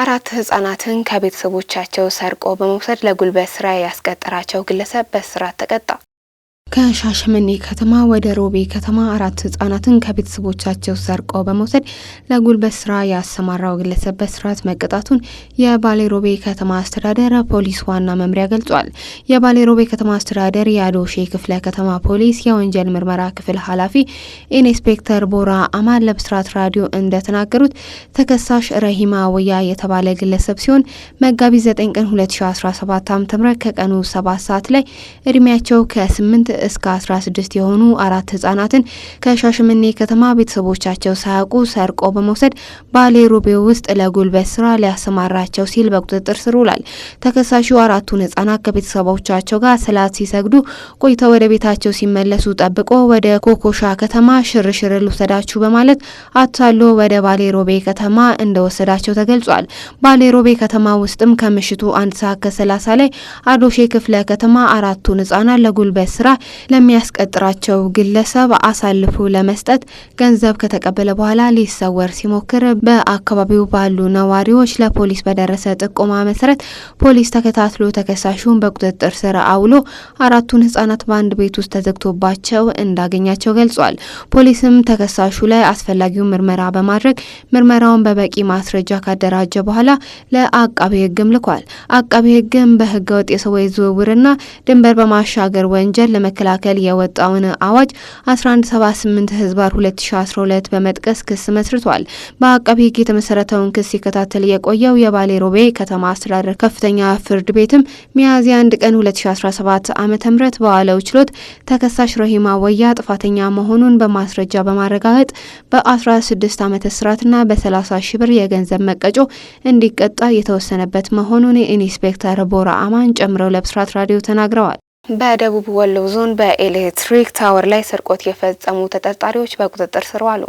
አራት ህጻናትን ከቤተሰቦቻቸው ሰርቆ በመውሰድ ለጉልበት ስራ ያስቀጠራቸው ግለሰብ በእስራት ተቀጣ። ከሻሸመኔ ከተማ ወደ ሮቤ ከተማ አራት ህጻናትን ከቤተሰቦቻቸው ሰርቆ በመውሰድ ለጉልበት ስራ ያሰማራው ግለሰብ በስርዓት መቀጣቱን የባሌ ሮቤ ከተማ አስተዳደር ፖሊስ ዋና መምሪያ ገልጿል። የባሌ ሮቤ ከተማ አስተዳደር የአዶሼ ክፍለ ከተማ ፖሊስ የወንጀል ምርመራ ክፍል ኃላፊ ኢንስፔክተር ቦራ አማን ለብስራት ራዲዮ እንደተናገሩት ተከሳሽ ረሂማ ወያ የተባለ ግለሰብ ሲሆን መጋቢት 9 ቀን 2017 ም ከቀኑ 7 ሰዓት ላይ እድሜያቸው ከ8 እስከ 16 የሆኑ አራት ህጻናትን ከሻሸመኔ ከተማ ቤተሰቦቻቸው ሳያውቁ ሰርቆ በመውሰድ ባሌ ሮቤ ውስጥ ለጉልበት ስራ ሊያሰማራቸው ሲል በቁጥጥር ስር ውሏል። ተከሳሹ አራቱን ህጻናት ከቤተሰቦቻቸው ጋር ሰላት ሲሰግዱ ቆይተው ወደ ቤታቸው ሲመለሱ ጠብቆ ወደ ኮኮሻ ከተማ ሽርሽር ልውሰዳችሁ በማለት አታሎ ወደ ባሌ ሮቤ ከተማ እንደወሰዳቸው ተገልጿል። ባሌ ሮቤ ከተማ ውስጥም ከምሽቱ አንድ ሰዓት ከሰላሳ ላይ አዶሼ ክፍለ ከተማ አራቱን ህጻናት ለጉልበት ስራ ለሚያስቀጥራቸው ግለሰብ አሳልፎ ለመስጠት ገንዘብ ከተቀበለ በኋላ ሊሰወር ሲሞክር በአካባቢው ባሉ ነዋሪዎች ለፖሊስ በደረሰ ጥቆማ መሰረት ፖሊስ ተከታትሎ ተከሳሹን በቁጥጥር ስር አውሎ አራቱን ህጻናት በአንድ ቤት ውስጥ ተዘግቶባቸው እንዳገኛቸው ገልጿል። ፖሊስም ተከሳሹ ላይ አስፈላጊውን ምርመራ በማድረግ ምርመራውን በበቂ ማስረጃ ካደራጀ በኋላ ለአቃቤ ህግም ልኳል። አቃቤ ህግም በህገወጥ የሰዎች ዝውውርና ድንበር በማሻገር ወንጀል ለመከ ለመከላከል የወጣውን አዋጅ 1178 ህዝባር 2012 በመጥቀስ ክስ መስርቷል። በአቃቤ ህግ የተመሰረተውን ክስ ሲከታተል የቆየው የባሌ ሮቤ ከተማ አስተዳደር ከፍተኛ ፍርድ ቤትም ሚያዝያ 1 ቀን 2017 ዓ ም በዋለው ችሎት ተከሳሽ ረሂማ ወያ ጥፋተኛ መሆኑን በማስረጃ በማረጋገጥ በ16 ዓመት እስራትና በ30 ሺ ብር የገንዘብ መቀጮ እንዲቀጣ የተወሰነበት መሆኑን ኢንስፔክተር ቦራ አማን ጨምረው ለብስራት ራዲዮ ተናግረዋል። በደቡብ ወሎ ዞን በኤሌክትሪክ ታወር ላይ ስርቆት የፈጸሙ ተጠርጣሪዎች በቁጥጥር ስር ዋሉ።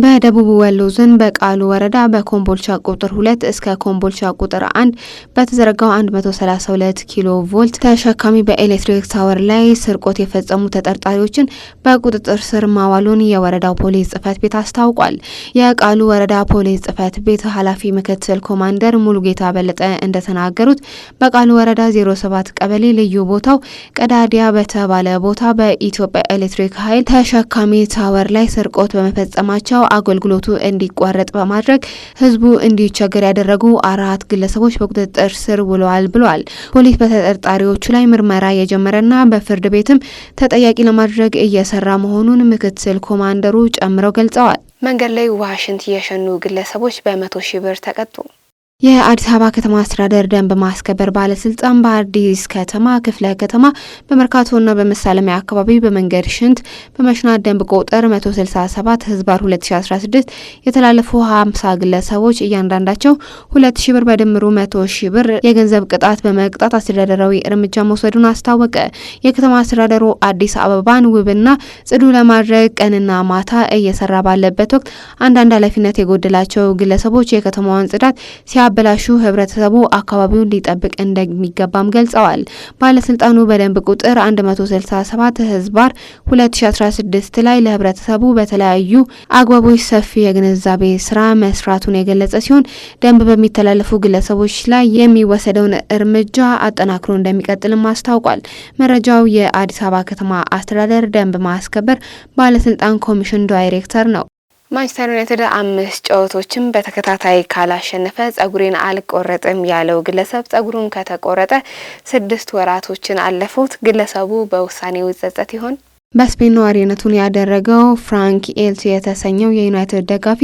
በደቡብ ወሎ ዞን በቃሉ ወረዳ በኮምቦልቻ ቁጥር ሁለት እስከ ኮምቦልቻ ቁጥር አንድ በተዘረጋው 132 ኪሎ ቮልት ተሸካሚ በኤሌክትሪክ ታወር ላይ ስርቆት የፈጸሙ ተጠርጣሪዎችን በቁጥጥር ስር ማዋሉን የወረዳው ፖሊስ ጽፈት ቤት አስታውቋል። የቃሉ ወረዳ ፖሊስ ጽፈት ቤት ኃላፊ ምክትል ኮማንደር ሙሉጌታ በለጠ እንደተናገሩት በቃሉ ወረዳ 07 ቀበሌ ልዩ ቦታው ቀዳዲያ በተባለ ቦታ በኢትዮጵያ ኤሌክትሪክ ኃይል ተሸካሚ ታወር ላይ ስርቆት በመፈጸማቸው የተነሳው አገልግሎቱ እንዲቋረጥ በማድረግ ህዝቡ እንዲቸገር ያደረጉ አራት ግለሰቦች በቁጥጥር ስር ውለዋል ብለዋል። ፖሊስ በተጠርጣሪዎቹ ላይ ምርመራ የጀመረና በፍርድ ቤትም ተጠያቂ ለማድረግ እየሰራ መሆኑን ምክትል ኮማንደሩ ጨምረው ገልጸዋል። መንገድ ላይ ዋሽንት የሸኑ ግለሰቦች በመቶ ሺህ ብር ተቀጡ። የአዲስ አበባ ከተማ አስተዳደር ደንብ ማስከበር ባለስልጣን በአዲስ ከተማ ክፍለ ከተማ በመርካቶና በመሳለሚያ አካባቢ በመንገድ ሽንት በመሽናት ደንብ ቁጥር 167 ህዝባር 2016 የተላለፉ 50 ግለሰቦች እያንዳንዳቸው 2000 ብር በድምሩ 100 ሺ ብር የገንዘብ ቅጣት በመቅጣት አስተዳደራዊ እርምጃ መውሰዱን አስታወቀ። የከተማ አስተዳደሩ አዲስ አበባን ውብና ጽዱ ለማድረግ ቀንና ማታ እየሰራ ባለበት ወቅት አንዳንድ ኃላፊነት የጎደላቸው ግለሰቦች የከተማዋን ጽዳት ሲያ ካበላሹ ህብረተሰቡ አካባቢውን ሊጠብቅ እንደሚገባም ገልጸዋል። ባለስልጣኑ በደንብ ቁጥር 167 ህዝባር 2016 ላይ ለህብረተሰቡ በተለያዩ አግባቦች ሰፊ የግንዛቤ ስራ መስራቱን የገለጸ ሲሆን ደንብ በሚተላለፉ ግለሰቦች ላይ የሚወሰደውን እርምጃ አጠናክሮ እንደሚቀጥልም አስታውቋል። መረጃው የአዲስ አበባ ከተማ አስተዳደር ደንብ ማስከበር ባለስልጣን ኮሚሽን ዳይሬክተር ነው። ማንቸስተር ዩናይትድ አምስት ጨዋታዎችን በተከታታይ ካላሸነፈ ጸጉሬን አልቆረጥም ያለው ግለሰብ ጸጉሩን ከተቆረጠ ስድስት ወራቶችን አለፉት። ግለሰቡ በውሳኔው ይጸጸት ይሆን? በስፔን ነዋሪነቱን ያደረገው ፍራንክ ኤልቱ የተሰኘው የዩናይትድ ደጋፊ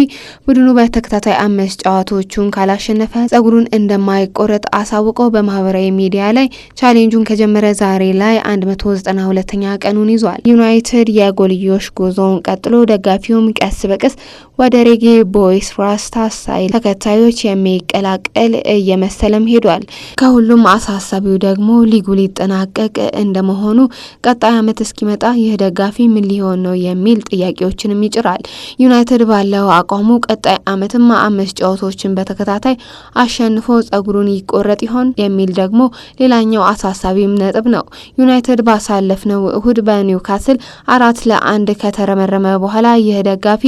ቡድኑ በተከታታይ አምስት ጨዋታዎቹን ካላሸነፈ ጸጉሩን እንደማይቆረጥ አሳውቀው በማህበራዊ ሚዲያ ላይ ቻሌንጁን ከጀመረ ዛሬ ላይ 192ኛ ቀኑን ይዟል። ዩናይትድ የጎልዮሽ ጉዞውን ቀጥሎ ደጋፊውም ቀስ በቀስ ወደ ሬጌ ቦይስ ራስታ ስታይል ተከታዮች የሚቀላቀል እየመሰለም ሄዷል። ከሁሉም አሳሳቢው ደግሞ ሊጉ ሊጠናቀቅ እንደመሆኑ ቀጣይ ዓመት እስኪመጣ ይህ ይህ ደጋፊ ምን ሊሆን ነው የሚል ጥያቄዎችንም ይጭራል። ዩናይትድ ባለው አቋሙ ቀጣይ አመትማ አምስት ጨዋታዎችን በተከታታይ አሸንፎ ጸጉሩን ይቆረጥ ይሆን የሚል ደግሞ ሌላኛው አሳሳቢም ነጥብ ነው። ዩናይትድ ባሳለፍነው እሁድ በኒውካስል አራት ለአንድ ከተረመረመ በኋላ ይህ ደጋፊ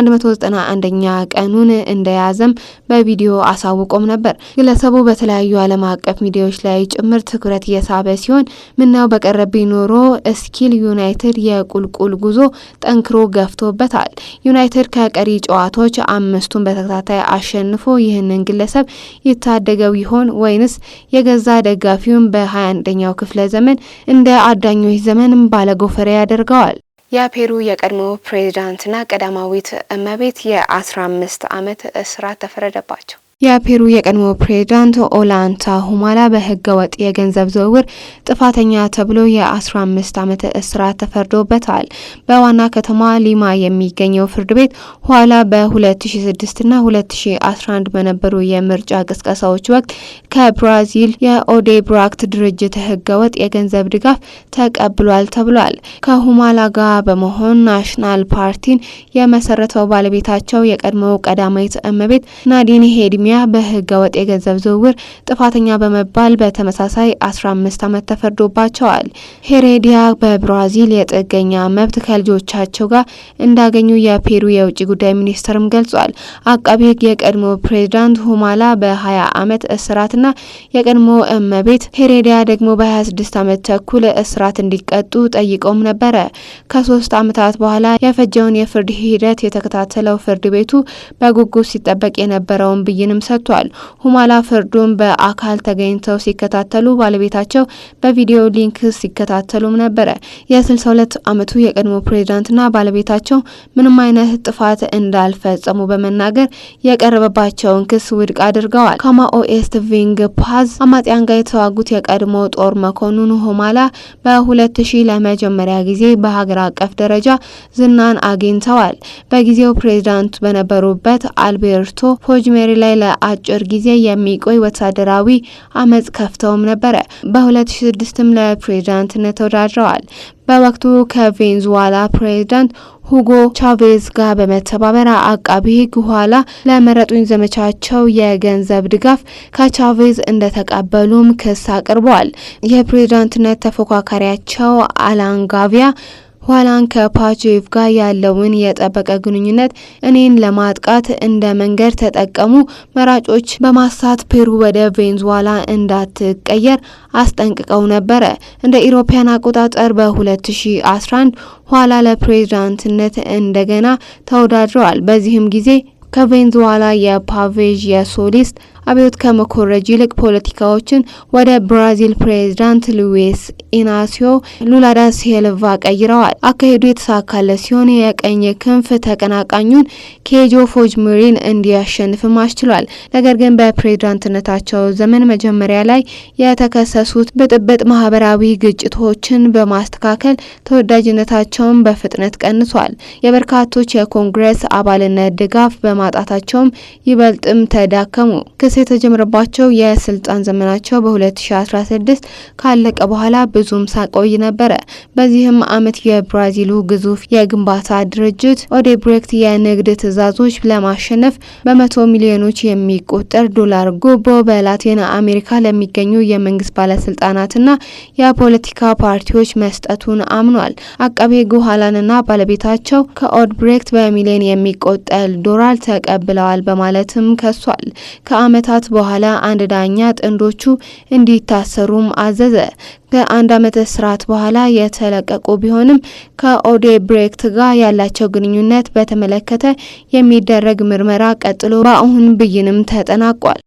191ኛ ቀኑን እንደያዘም በቪዲዮ አሳውቆም ነበር። ግለሰቡ በተለያዩ ዓለም አቀፍ ሚዲያዎች ላይ ጭምር ትኩረት እየሳበ ሲሆን ምናው በቀረብ ኖሮ እስኪል ዩናይትድ ዩናይትድ የቁልቁል ጉዞ ጠንክሮ ገፍቶበታል። ዩናይትድ ከቀሪ ጨዋታዎች አምስቱን በተከታታይ አሸንፎ ይህንን ግለሰብ ይታደገው ይሆን ወይንስ የገዛ ደጋፊውን በ21ኛው ክፍለ ዘመን እንደ አዳኞች ዘመን ባለጎፈሬ ያደርገዋል? የፔሩ የቀድሞ ፕሬዚዳንትና ቀዳማዊት እመቤት የ15 ዓመት እስራት ተፈረደባቸው። የፔሩ የቀድሞ ፕሬዝዳንት ኦላንታ ሁማላ በህገ ወጥ የገንዘብ ዝውውር ጥፋተኛ ተብሎ የ15 ዓመት እስራት ተፈርዶበታል። በዋና ከተማ ሊማ የሚገኘው ፍርድ ቤት ኋላ በ2006 ና 2011 በነበሩ የምርጫ ቅስቀሳዎች ወቅት ከብራዚል የኦዴብራክት ድርጅት ህገ ወጥ የገንዘብ ድጋፍ ተቀብሏል ተብሏል። ከሁማላ ጋር በመሆን ናሽናል ፓርቲን የመሰረተው ባለቤታቸው የቀድሞው ቀዳማዊት እመቤት ናዲን ሄድሚ ኦሮሚያ በህገ ወጥ የገንዘብ ዝውውር ጥፋተኛ በመባል በተመሳሳይ 15 ዓመት ተፈርዶባቸዋል። ሄሬዲያ በብራዚል የጥገኛ መብት ከልጆቻቸው ጋር እንዳገኙ የፔሩ የውጭ ጉዳይ ሚኒስትርም ገልጿል። አቃቢ ህግ የቀድሞ ፕሬዚዳንት ሁማላ በ20 ዓመት እስራትና የቀድሞ እመቤት ሄሬዲያ ደግሞ በ26 ዓመት ተኩል እስራት እንዲቀጡ ጠይቀውም ነበረ። ከሶስት ዓመታት በኋላ የፈጀውን የፍርድ ሂደት የተከታተለው ፍርድ ቤቱ በጉጉት ሲጠበቅ የነበረውን ብይንም ቃልም ሰጥቷል። ሁማላ ፍርዱን በአካል ተገኝተው ሲከታተሉ ባለቤታቸው በቪዲዮ ሊንክ ሲከታተሉም ነበረ። የ62 ዓመቱ የቀድሞ ፕሬዚዳንትና ባለቤታቸው ምንም አይነት ጥፋት እንዳልፈጸሙ በመናገር የቀረበባቸውን ክስ ውድቅ አድርገዋል። ከማኦኤስት ቪንግ ፓዝ አማጽያን ጋር የተዋጉት የቀድሞ ጦር መኮንኑ ሆማላ በ2000 ለመጀመሪያ ጊዜ በሀገር አቀፍ ደረጃ ዝናን አግኝተዋል። በጊዜው ፕሬዚዳንት በነበሩበት አልቤርቶ ፎጅሜሪ ላይ ለአጭር ጊዜ የሚቆይ ወታደራዊ አመጽ ከፍተውም ነበረ። በ2006ም ለፕሬዝዳንትነት ተወዳድረዋል። በወቅቱ ከቬንዙዋላ ፕሬዝዳንት ሁጎ ቻቬዝ ጋር በመተባበር አቃቢ ሕግ ኋላ ለመረጡኝ ዘመቻቸው የገንዘብ ድጋፍ ከቻቬዝ እንደተቀበሉም ክስ አቅርበዋል። የፕሬዝዳንትነት ተፎካካሪያቸው አላንጋቪያ ኋላን ከፓቼቭ ጋር ያለውን የጠበቀ ግንኙነት እኔን ለማጥቃት እንደ መንገድ ተጠቀሙ። መራጮች በማሳት ፔሩ ወደ ቬንዙዋላ እንዳትቀየር አስጠንቅቀው ነበረ። እንደ ኢሮፓያን አቆጣጠር በ2011 ኋላ ለፕሬዝዳንትነት እንደገና ተወዳድረዋል። በዚህም ጊዜ ከቬንዙዋላ የፓቬዥ የሶሊስት አብዮት ከመኮረጅ ይልቅ ፖለቲካዎችን ወደ ብራዚል ፕሬዚዳንት ሉዊስ ኢናሲዮ ሉላ ዳ ሲልቫ ቀይረዋል። አካሄዱ የተሳካለት ሲሆን የቀኝ ክንፍ ተቀናቃኙን ኬጆ ፎጅሙሪን እንዲያሸንፍም አስችሏል። ነገር ግን በፕሬዝዳንትነታቸው ዘመን መጀመሪያ ላይ የተከሰሱት ብጥብጥ ማህበራዊ ግጭቶችን በማስተካከል ተወዳጅነታቸውን በፍጥነት ቀንሷል። የበርካቶች የኮንግረስ አባልነት ድጋፍ በማጣታቸውም ይበልጥም ተዳከሙ። ክስ የተጀመረባቸው የስልጣን ዘመናቸው በ2016 ካለቀ በኋላ ብዙም ሳቆይ ነበረ። በዚህም ዓመት የብራዚሉ ግዙፍ የግንባታ ድርጅት ኦዴብሬክት የንግድ ትዕዛዞች ለማሸነፍ በመቶ ሚሊዮኖች የሚቆጠር ዶላር ጉቦ በላቲን አሜሪካ ለሚገኙ የመንግስት ባለስልጣናትና የፖለቲካ ፓርቲዎች መስጠቱን አምኗል። አቃቤ ሕጉ ባለቤታቸው ከኦድብሬክት በሚሊዮን የሚቆጠል ዶላር ተቀብለዋል በማለትም ከሷል። ከአመት ከዓመታት በኋላ አንድ ዳኛ ጥንዶቹ እንዲታሰሩም አዘዘ። ከአንድ ዓመት እስራት በኋላ የተለቀቁ ቢሆንም ከኦዴብሬክት ጋር ያላቸው ግንኙነት በተመለከተ የሚደረግ ምርመራ ቀጥሎ በአሁን ብይንም ተጠናቋል።